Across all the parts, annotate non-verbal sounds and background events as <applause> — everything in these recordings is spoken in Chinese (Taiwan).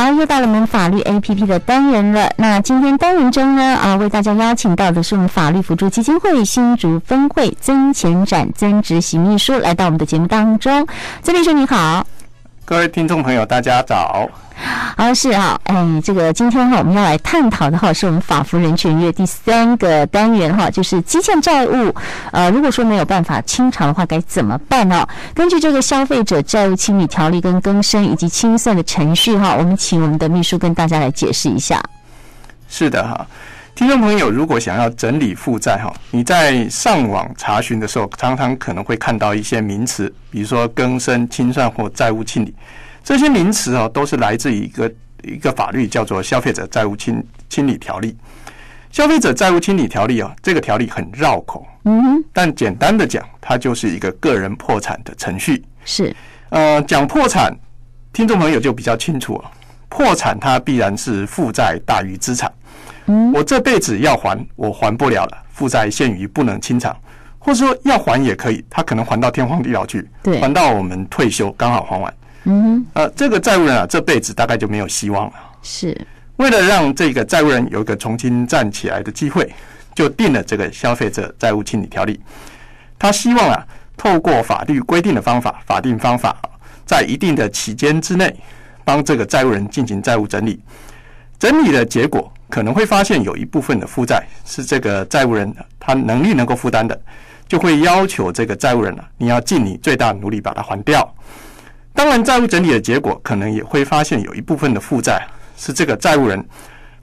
好，又到了我們法律 APP 的單元了。那今天單元中呢，啊，為大家邀請到的是我們法律扶助基金會新竹分會曾前展曾執行秘書來到我們的節目當中。曾秘書你好，各位聽眾朋友，大家早。而是啊，哎，這個今天哈，我們要來探討的哈，是我們法扶人權月第三個單元哈，就是積欠債務，呃，如果說沒有辦法清償的話，該怎麼辦呢？根據這個消費者債務清理條例跟更生以及清算的程序哈，我們請我們的秘書跟大家來解釋一下。是的哈，聽眾朋友如果想要整理負債哈，你在上網查詢的時候，常常可能會看到一些名詞，比如說更生、清算或債務清理。這些名詞啊，都是來自於一個一個法律，叫做《消費者債務清清理條例》。消費者債務清理條例啊，這個條例很繞口，嗯，但簡單的講，它就是一個個人破產的程序。是，呃，講破產，聽眾朋友就比較清楚了，啊。破產它必然是負債大於資產，我這輩子要還，我還不了了，負債限於不能清償，或者說要還也可以，他可能還到天荒地老去，對，還到我們退休剛好還完。嗯哼，呃、啊，這個債務人啊，這輩子大概就沒有希望了。是，為了讓這個債務人有一個重新站起來的機會，就定了這個《消費者債務清理條例》。他希望啊，透過法律規定的方法、法定方法，在一定的期間之內，幫這個債務人進行債務整理。整理的結果可能會發現，有一部分的負債是這個債務人他能力能夠負擔的，就會要求這個債務人了、啊，你要盡你最大努力把它還掉。當然，債務整理的結果可能也會發現，有一部分的負債是這個債務人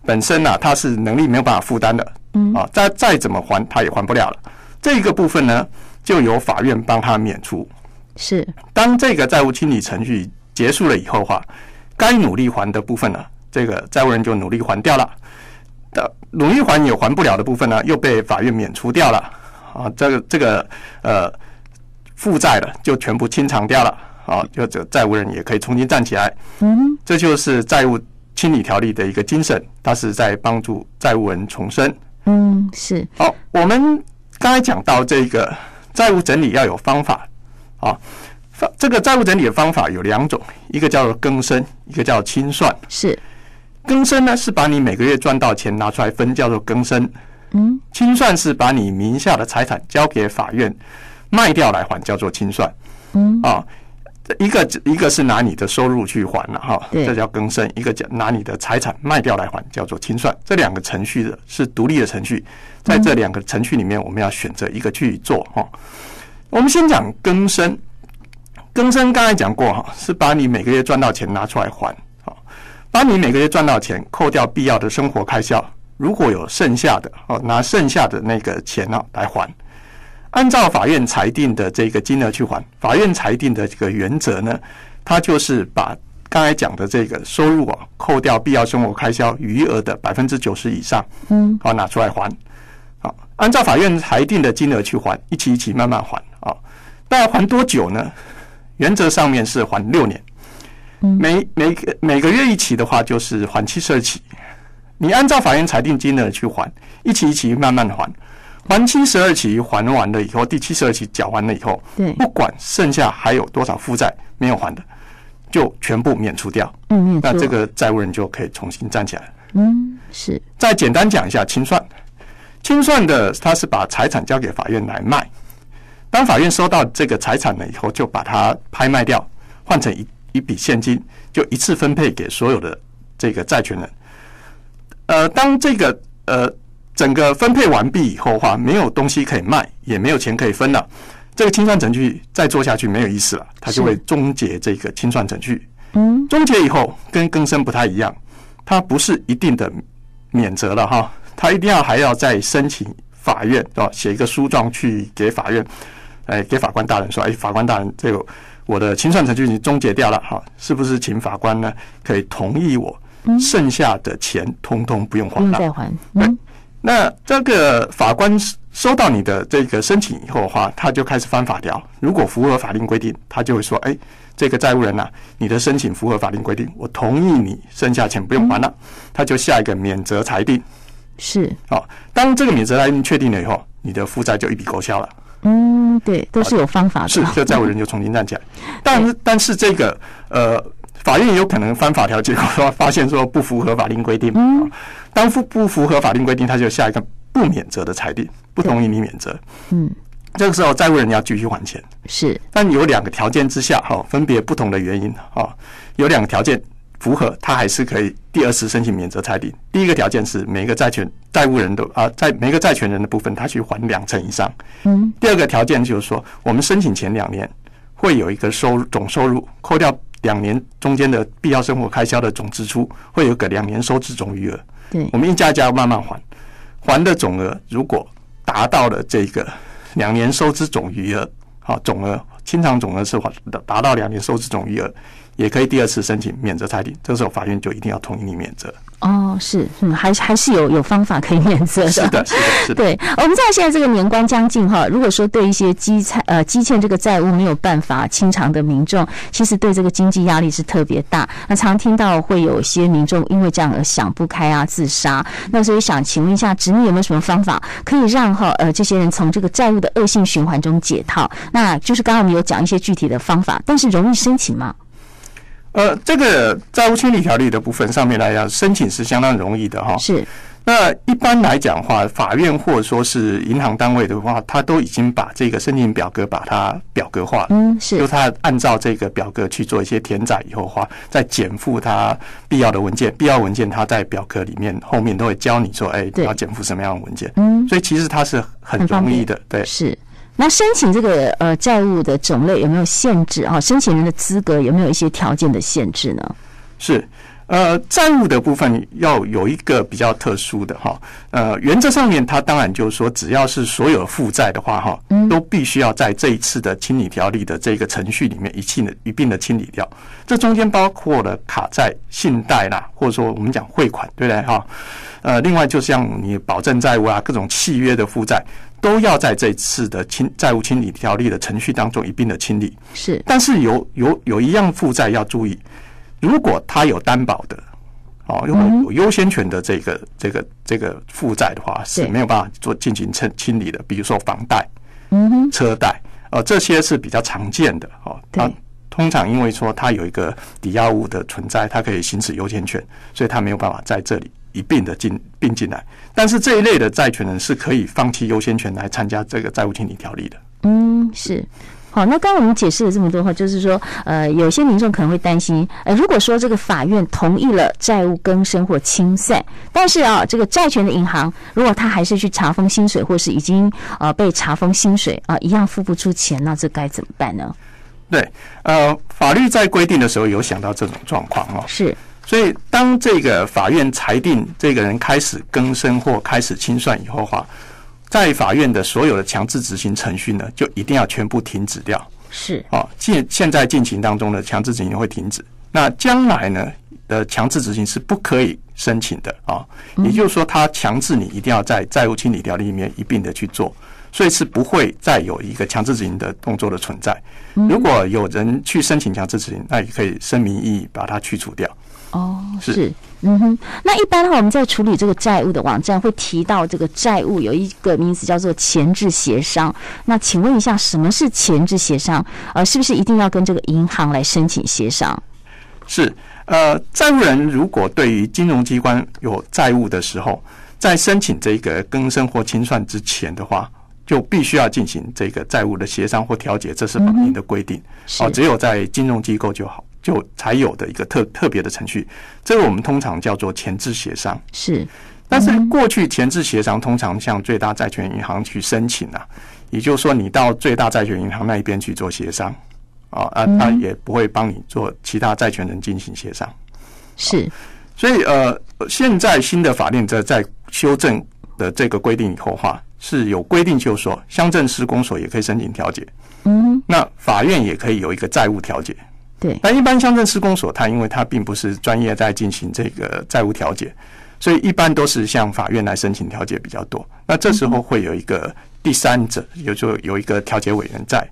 本身吶、啊，他是能力沒有辦法負擔的，嗯啊，再再怎麼還他也還不了了。這個部分呢，就由法院幫他免除。是，當這個債務清理程序結束了以後的話，該努力還的部分呢，這個債務人就努力還掉了。的，努力還也還不了的部分呢，又被法院免除掉了。啊，這個這個呃，負債的就全部清償掉了。好，就這債務人也可以重新站起來。嗯，這就是債務清理條例的一個精神，它是在幫助債務人重生。嗯，是。好，我們剛才講到這個債務整理要有方法。啊，方這個債務整理的方法有兩種，一個叫做更生，一個叫清算。是。更生呢，是把你每個月賺到錢拿出來分，叫做更生。嗯。清算，是把你名下的財產交給法院賣掉來還，叫做清算。嗯。啊。一個一個是拿你的收入去還了、啊、哈，對這叫更生；一個講拿你的財產賣掉，來還，叫做清算。這兩個程序的是獨立的程序，在這兩個程序裡面，我們要選擇一個去做哈、嗯哦。我們先講更生，更生剛才講過哈，是把你每個月賺到錢拿出來還啊，把你每個月賺到錢扣掉必要的生活開銷，如果有剩下的哦，拿剩下的那個錢啊來還。按照法院裁定的這個金額去還，法院裁定的這個原則呢，它就是把剛才講的這個收入啊，扣掉必要生活開銷，餘額的百分之九十以上，嗯、啊，好拿出來還，好、啊，按照法院裁定的金額去還，一期一期慢慢還啊。那要還多久呢？原則上面是還六年，每每個每個月一期的話，就是還七十二期起。你按照法院裁定金額去還，一期一期慢慢還。還清十二期，還完了以後，第七十二期繳完了以後，不管剩下還有多少負債沒有還的，就全部免除掉。嗯，那這個債務人就可以重新站起來。嗯，是。再簡單講一下清算，清算的他是把財產交給法院來賣。當法院收到這個財產了以後，就把它拍賣掉，換成一一筆現金，就一次分配給所有的這個債權人。呃，當這個呃。整個分配完畢以後的話，沒有東西可以賣，也沒有錢可以分了，這個清算程序再做下去沒有意思了，它就會終結這個清算程序。終結以後跟更生不太一樣，它不是一定的免責了哈，它一定要還要再申請法院、啊，寫一個訴狀去給法院，哎，給法官大人說，哎，法官大人，這個我的清算程序已經終結掉了，哈，是不是請法官呢可以同意我剩下的錢通通不用還了？不用再還？嗯。那這個法官收到你的這個申請以後的話，他就開始翻法條。如果符合法定規定，他就會說：“哎，這個債務人吶，你的申請符合法定規定，我同意你剩下錢不用還了。”他就下一個免責裁定。是，哦，當這個免責裁定確定了以後，你的負債就一筆勾銷了。嗯，對，都是有方法的。是，這債務人就重新站起來。嗯、但但是這個呃。法院也有可能翻法條，結果說發現說不符合法令規定，當不不符合法令規定，他就下一個不免責的裁定，不同意你免責。嗯，這個時候債務人要繼續還錢。是，但有兩個條件之下哈，分別不同的原因哈，有兩個條件符合，他還是可以第二次申請免責裁定。第一個條件是每一個債權債務人都啊，在每一個債權人的部分，他去還兩成以上。嗯，第二個條件就是說，我們申請前兩年會有一個收入，總收入扣掉。兩年中間的必要生活開銷的總支出，會有個兩年收支總餘額。我們一家一家慢慢還，還的總額如果達到了這個兩年收支總餘額，好，總額清償總額是還達到兩年收支總餘額。也可以第二次申請免責裁定，這個時候法院就一定要同意你免責。哦，是，嗯，還是還是有有方法可以免責的。是的，是的，是的。對，我們知道現在這個年關將近哈，如果說對一些積財呃積欠這個債務沒有辦法清償的民眾，其實對這個經濟壓力是特別大。那常聽到會有些民眾因為這樣而想不開啊，自殺。那所以想請問一下，執秘有沒有什麼方法可以讓哈呃這些人從這個債務的惡性循環中解套？那就是剛剛我們有講一些具體的方法，但是容易申請嗎？呃，這個債務清理條例的部分上面來講，申請是相當容易的哈。是。那一般來講的話，法院或者說是銀行單位的話，他都已經把這個申請表格把它表格化了，嗯，是，就他按照這個表格去做一些填載以後的話，再檢附他必要的文件，必要文件他在表格裡面後面都會教你說，哎，你要檢附什麼樣的文件，嗯，所以其實他是很容易的，嗯、對，是。那申請這個呃債務的種類有沒有限制啊？申請人的資格有沒有一些條件的限制呢？是，呃，債務的部分要有一個比較特殊的哈，呃，原則上面，它當然就是說，只要是所有負債的話哈，都必須要在這一次的清理條例的這個程序裡面一起的一併的清理掉。這中間包括了卡債、信貸啦，或者說我們講匯款，對不對哈？呃，另外就像你保證債務啊，各種契約的負債。都要在這次的清債務清理條例的程序當中一併的清理。是，但是有有有一樣負債要注意，如果他有擔保的，哦，有有優先權的這個這個這個負債的話是沒有辦法做進行清清理的。比如說房貸、車貸，呃，這些是比較常見的哦。他通常因為說它有一個抵押物的存在，它可以行使優先權，所以它沒有辦法在這裡一併的進併進來，但是這一類的債權人是可以放棄優先權來參加這個債務清理條例的。嗯，是。好，那剛剛我們解釋了這麼多話，就是說，呃，有些民眾可能會擔心，呃，如果說這個法院同意了債務更生或清算，但是啊，這個債權的銀行如果他還是去查封薪水，或是已經呃被查封薪水啊，一樣付不出錢，那這該怎麼辦呢？對，呃，法律在規定的時候有想到這種狀況哦，是。所以，當這個法院裁定這個人開始更生或開始清算，以後的話，在法院的所有的強制執行程序呢，就一定要全部停止掉。是啊，進現在進行當中的強制執行會停止。那將來呢，的強制執行是不可以申請的啊。也就是說，他強制你一定要在債務清理條例裡面一併的去做，所以是不會再有一個強制執行的動作的存在。如果有人去申請強制執行，那也可以聲明異議，把它去除掉。哦，oh, 是，嗯哼，那一般的話，我們在處理這個債務的網站會提到這個債務有一個名詞叫做前置協商。那請問一下，什麼是前置協商？呃，是不是一定要跟這個銀行來申請協商？是，呃，債務人如果對於金融機關有債務的時候，在申請這個更生或清算之前的話，就必須要進行這個債務的協商或調解，這是法定的規定。哦、嗯，是只有在金融機構就好。就才有的一個特特別的程序，這個我們通常叫做前置協商。是，但是過去前置協商通常向最大債權銀行去申請啊，也就是說你到最大債權銀行那一邊去做協商啊，啊，他也不會幫你做其他債權人進行協商。是，所以呃，現在新的法令在在修正的這個規定以後，哈，是有規定就說鄉鎮市公所也可以申請調解。嗯，那法院也可以有一個債務調解。那一般鄉鎮市公所，他因為他並不是專業在進行這個債務調解，所以一般都是向法院來申請調解比較多。那這時候會有一個第三者，有時候有一個調解委員在。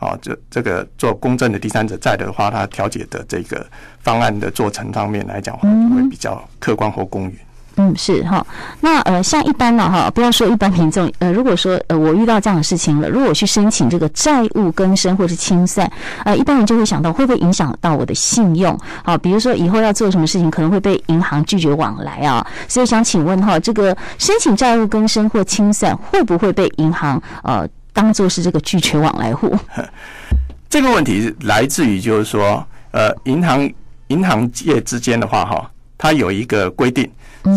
啊，這這個做公正的第三者在的話，他調解的這個方案的做成方面來講，會比較客觀或公允。嗯，是哈、哦。那，呃，像一般呢哈、哦，不要說一般民眾，呃，如果說呃我遇到這樣的事情了，如果我去申請這個債務更生或是清算，呃，一般人就會想到會不會影響到我的信用？好、哦，比如說以後要做什麼事情，可能會被銀行拒絕往來啊。所以想請問哈、哦，這個申請債務更生或清算，會不會被銀行呃當做是這個拒絕往來戶？這個問題來自於就是說，呃，銀行銀行業之間的話哈。哦它有一個規定，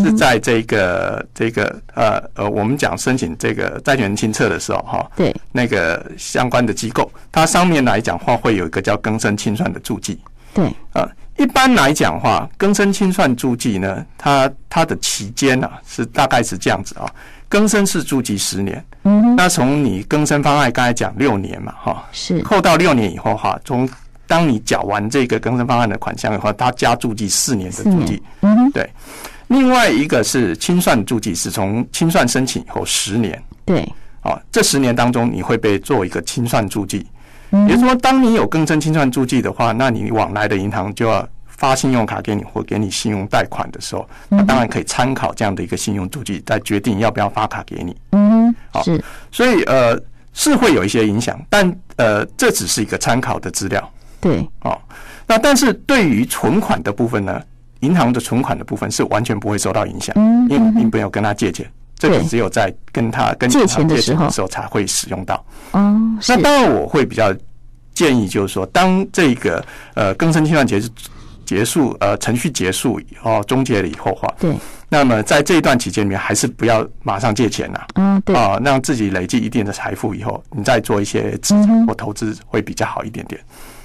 是在這個、嗯、這個呃呃，我們講申請這個債權人清冊的時候，哈、哦，對，那個相關的機構，它上面來講的話會有一個叫更生清算的注記，對，呃，一般來講的話更生清算注記呢，它它的期間呢、啊、是大概是這樣子啊，更生是注記十年，嗯哼，那從你更生方案剛才講六年嘛，哈、哦，是，扣到六年以後哈，從。當你繳完這個更生方案的款項的話，它加注記四年的注記，嗯，對。另外一個是清算注記，是從清算申請以後十年，對啊，這十年當中你會被做一個清算注記。也就是說，當你有更生清算注記的話，那你往來的銀行就要發信用卡給你或給你信用貸款的時候，那當然可以參考這樣的一個信用注記，再決定要不要發卡給你。嗯，好，所以呃是會有一些影響，但呃這只是一個參考的資料。對哦，那但是對於存款的部分呢，銀行的存款的部分是完全不會受到影響。嗯嗯、因為您沒有跟他借錢。對這裡只有在跟他跟銀行借錢的時候才會使用到。哦，那當然我會比較建議，就是說、哦、是當這個呃更生清算結結束呃程序結束哦終結了以後的話，對，那麼在這一段期間裡面還是不要馬上借錢吶、啊，嗯對啊、呃，讓自己累積一定的財富以後，你再做一些資產或投資會比較好一點點。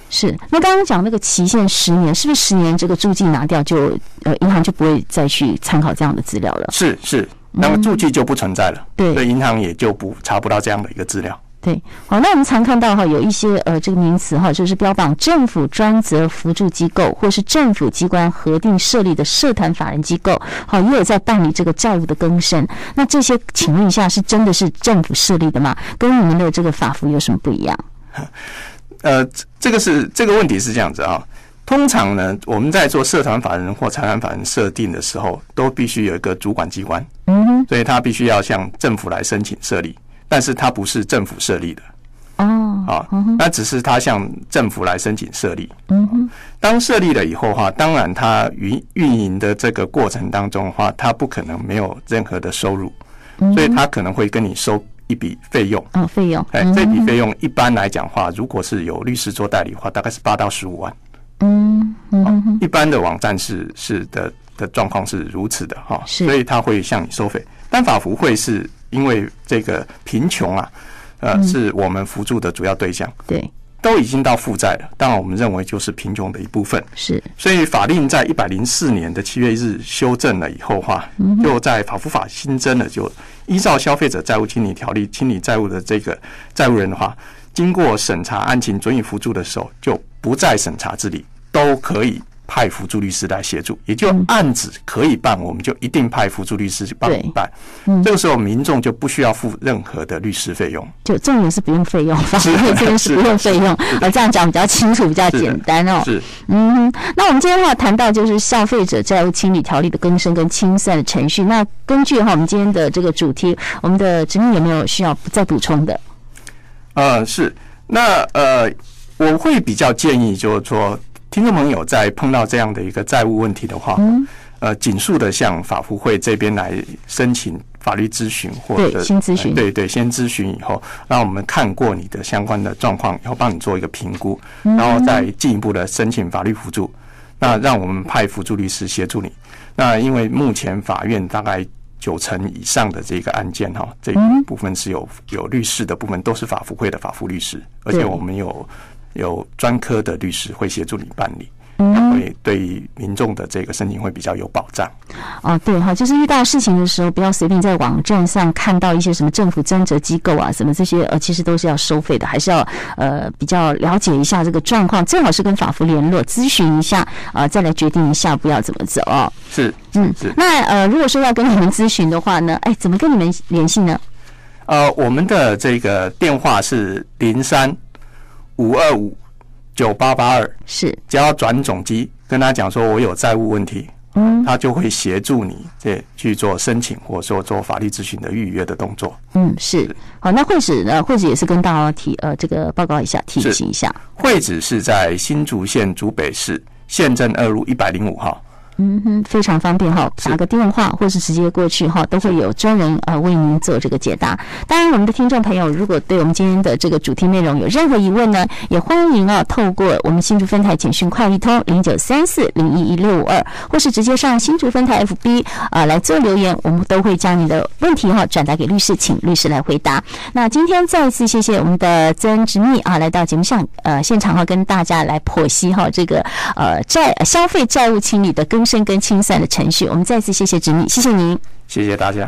是，那剛剛講那個期限十年，是不是十年這個註記拿掉就呃銀行就不會再去參考這樣的資料了？是是，那麼、個、註記就不存在了，嗯、對，所以銀行也就不查不到這樣的一個資料。對，好、哦，那我們常看到哈、哦、有一些呃這個名詞哈、哦，就是標榜政府專責扶助機構或是政府機關核定設立的社團法人機構，好、哦、也有在辦理這個債務的更生。那這些請問一下，是真的是政府設立的嗎？跟我們的這個法扶有什麼不一樣？ <laughs> 呃，這個是這個問題是這樣子啊。通常呢，我們在做社團法人或財團法人設定的時候，都必須有一個主管機關，嗯哼。所以他必須要向政府來申請設立，但是他不是政府設立的，哦，啊，嗯哼。那只是他向政府來申請設立，嗯哼。當設立了以後，哈，當然它運運營的這個過程當中的話，它不可能沒有任何的收入，所以它可能會跟你收。一筆費用，啊、哦，費用，哎、嗯，這筆費用一般來講的話，如果是有律師做代理的話，大概是八到十五萬。嗯嗯，嗯一般的網站是是的的狀況是如此的哈，是所以他會向你收費。但法扶會是因為這個貧窮啊，呃，嗯、是我們扶助的主要對象。對。都已經到負債了，當然我們認為就是貧窮的一部分。是，所以法令在一百零四年的七月一日修正了以後，話就在法扶法新增了，就依照消費者債務清理條例清理債務的這個債務人的話，經過審查案情准予扶助的時候，就不再審查資力，都可以。派扶助律師來協助，也就案子可以辦，嗯、我們就一定派扶助律師去辦。辦，嗯、這個時候民眾就不需要付任何的律師費用。就重點是不用費用，職業這個是不用費用。呃、啊，啊啊啊、這樣講比較清楚，比較簡單哦。是，是，嗯，那我們今天的話談到就是消費者債務清理條例的更生跟清算的程序。那根據哈我們今天的這個主題，我們的執秘有沒有需要再補充的？嗯、呃，是，那呃，我會比較建議就是說。聽眾朋友，在碰到這樣的一個債務問題的話，呃，儘速的向法扶會這邊來申請法律諮詢，或者先諮詢，對對，先諮詢以後，讓我們看過你的相關的狀況，然後幫你做一個評估，然後再進一步的申請法律扶助。那讓我們派扶助律師協助你。那因為目前法院大概九成以上的這個案件，哈，這部分是有有律師的部分，都是法扶會的法扶律師，而且我們有。有專科的律師會協助你辦理，會對民眾的這個申請會比較有保障。哦，對哈，就是遇到事情的時候，不要隨便在網站上看到一些什麼政府專責機構啊，什麼這些呃，其實都是要收費的，還是要呃比較了解一下這個狀況，最好是跟法扶聯絡諮詢一下啊，呃，再來決定一下，不要怎麼走。啊，是，嗯，是。那呃，如果說要跟你們諮詢的話呢，哎，欸，怎麼跟你們聯繫呢？呃，我們的這個電話是零三，五二五九八八二。是，只要轉總機，跟他講說我有債務問題，嗯，他就會協助你，對，去做申請，或說做法律諮詢的預約的動作。嗯，是，好，那會址呢？會址也是跟大家提，呃，這個報告一下，提醒一下。會址是在新竹縣竹北市縣政二路一百零五號。嗯哼，非常方便哈，打個電話或是直接過去哈，都會有專人啊為您做這個解答。當然，我們的聽眾朋友如果對我們今天的這個主題內容有任何疑問呢，也歡迎啊透過我們新竹分台簡訊快易通零九三四零一一六五二，52，或是直接上新竹分台 FB 啊來做留言，我們都會將你的問題哈、啊、轉達給律師，請律師來回答。那今天再一次謝謝我們的曾執秘啊來到節目上呃現場哈、啊、跟大家來剖析哈、啊、這個呃債消費債務清理的更生生跟清算的程序，我們再次謝謝執秘，謝謝您，謝謝大家。